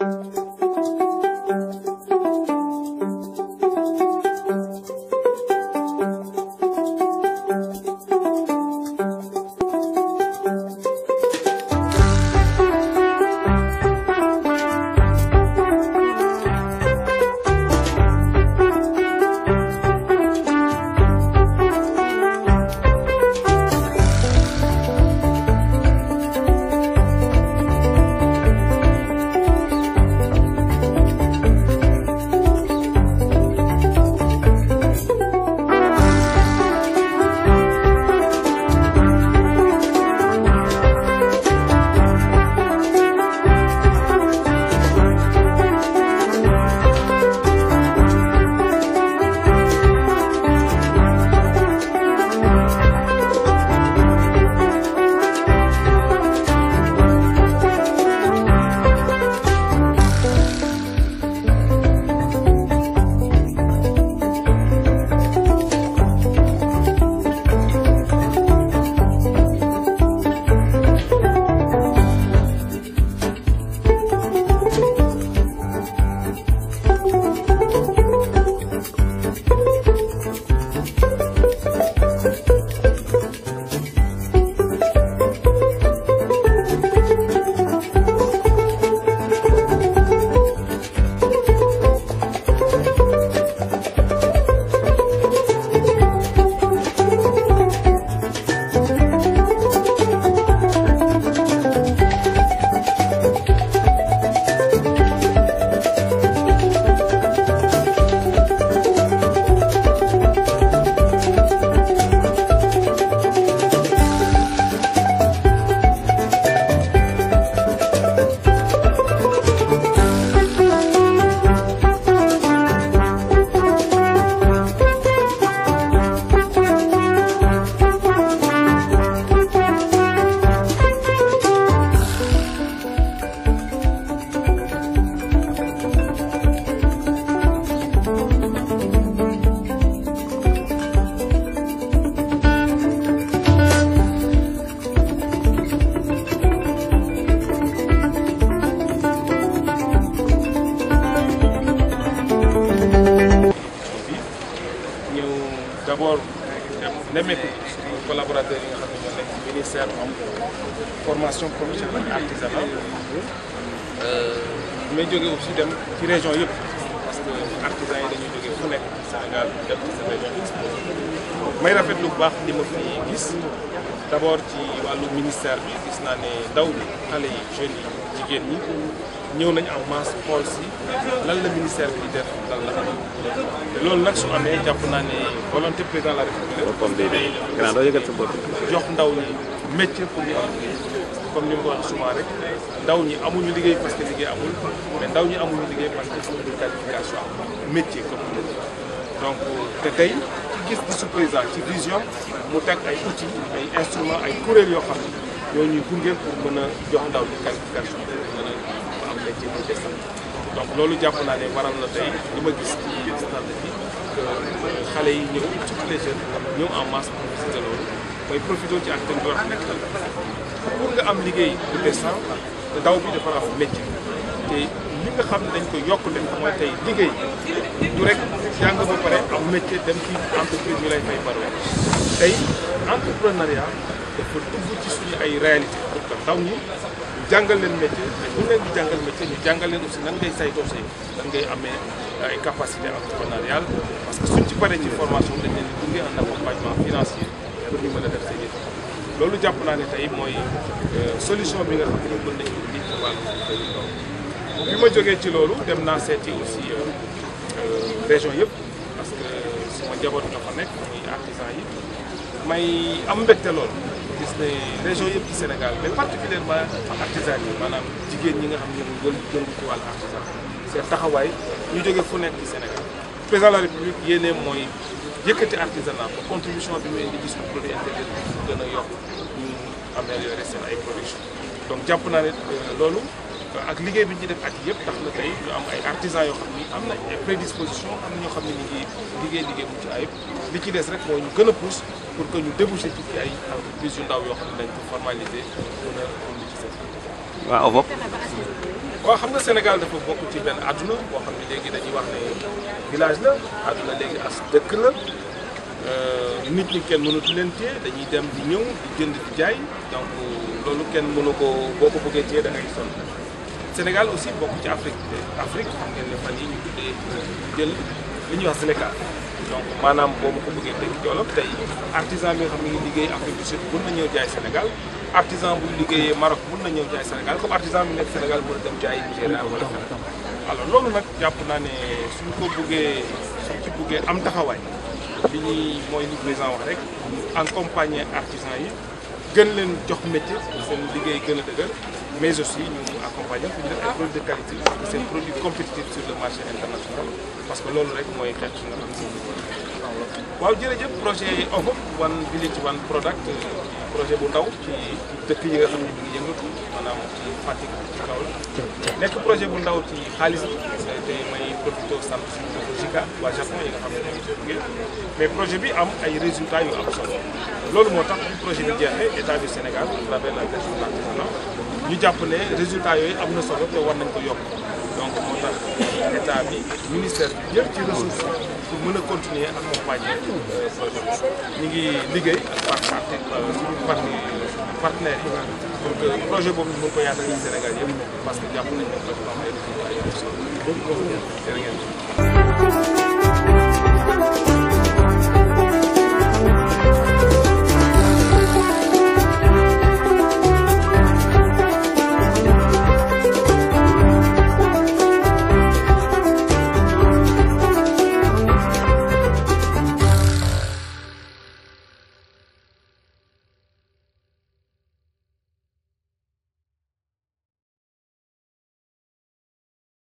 thank you nemmeeku surtout collaborateurs formation professionnelle ak artisanat euh, may jóge ci région yëpp parce que artisan yi dañuy rafet lu baax li ma fi gis d' ci wàllu ministère bi gis naa ne daw bi xale yi jeunes yi jigéen ñi ñëw nañu en masse xool si lan la ministère bi def lan la te loolu nag su amee jàpp naa ne volonté président la république jox ndaw ñi métier pour ñu am comme ni mu ko rek ndaw ñi amuñu liggéey parce que liggéey amul mais ndaw ñi amuñu liggéey parce que suñu qualification métier comme donc te tey ci gis-gisu président ci vision mu teg ay outils ay instruments ay kuréel yoo xam ne ñuy gunge pour mën a jox ndaw ñi qualification jàppale ci donc loolu jàpp naa ne waral na tey li ma gis ci biir stade bi que xale yi ñëw surtout les jeunes ñëw en masse pour visiter loolu mooy profité ci ak tamit wax nekk pour nga am liggéey bu décent daw bi dafa am métier te li nga xam ne dañ ko yokk leen mooy tey liggéey du rek jàng ba pare am métier dem ci entreprise ñu lay fay par weer tey ci suñu ay réalité pour que ndaw ñi jàngal leen métier mais bu leen di jàngal métier ñu jàngal aussi nan ngay saytoo say nan ngay amee ay capacité entrepreneuriale parce que suñ ci paree ci formation dañ leen di gunge un accompagnement financier loolu jàpp naa ne tay mooy euh, solution bi nga xam ne mën nañu indi ci ma jógee ci loolu dem naa seeti aussi euh, euh, région yëpp parce que sama njaboot nga fa nekk muy artisan yi may am mbégte loolu des régions yëpp ci Sénégal mais particulièrement artisan yi maanaam jigéen ñi nga xam ne ñoo gën ci wàllu artisan seen taxawaay ñu jógee fu nekk ci Sénégal président la République yéenee mooy yëkkati artisanat ba contribution bi muy indi ci suñu produit intérieur bi gën a yokk ñu améliorer seen ay production donc jàpp naa ne euh, loolu ak liggéey bi ñu def at yëpp tax na tey ñu am ay artisans yoo xam ni am na prédisposition am na ñoo xam ne ñu ngi liggéey liggéey bu ci ayib li ci des rek mooy ñu gën a pousse pour que ñu débouché ci ay entreprises yu ndaw yoo xam ne dañ ko formaliser mën a xam nga Sénégal dafa bokk ci benn àdduna boo xam ne léegi dañuy wax ne village la àdduna léegi as dëkk la euh, nit ñi kenn mënatu leen téye dañuy dem di ñëw di jënd di jaay donc loolu kenn mënu ko boo ko bëggee téye da ngay sonn. Sénégal aussi bokk ci Afrique Afrique xam ngeen ne fan yi ñu tuddee euh, jël li ñuy wax Sénégal donc maanaam boo ma ko bëggee teg jolof tey artisan bi nga xam ne ngi liggéey Afrique du na ñëw jaay Sénégal artisan bu liggéeyee Maroc mun na ñëw jaay Sénégal comme artisan bi nekk Sénégal mën a dem jaay Nigéria wala Sénégal alors loolu nag jàpp naa ne suñ ko bëggee suñ ci bëggee am taxawaay li ñuy mooy li wax rek accompagner artisan yi gën leen jox métier seen liggéey gën a dëgër mais aussi ñu accompagner pour ñu def ay produits de qualité international parce que loolu rek mooy xeex su nga xam si waaw jërëjëf projet OFOP One Village One Product euh, projet bu ndaw ci dëkk yi nga xam ne ñu ngi yëngatu maanaam ci Fatick ci Kaolack nekk projet bu ndaw ci xaalis bi te may profité sant suñu JICA waa Japon mais projet bi am ay résultats yu am solo loolu moo tax projet bi jeexee état du Sénégal ñu jàpp ne yooyu am na solo te nañ ko yokk donc ministère bi yëpp ci mën a continuer accompagner euh, projet bi ngi liggéey ak partenaires yi euh, pour projet boobu ñu mën ko yaatal ci Sénégal yëpp parce que jàpp nañu ne dafa am ay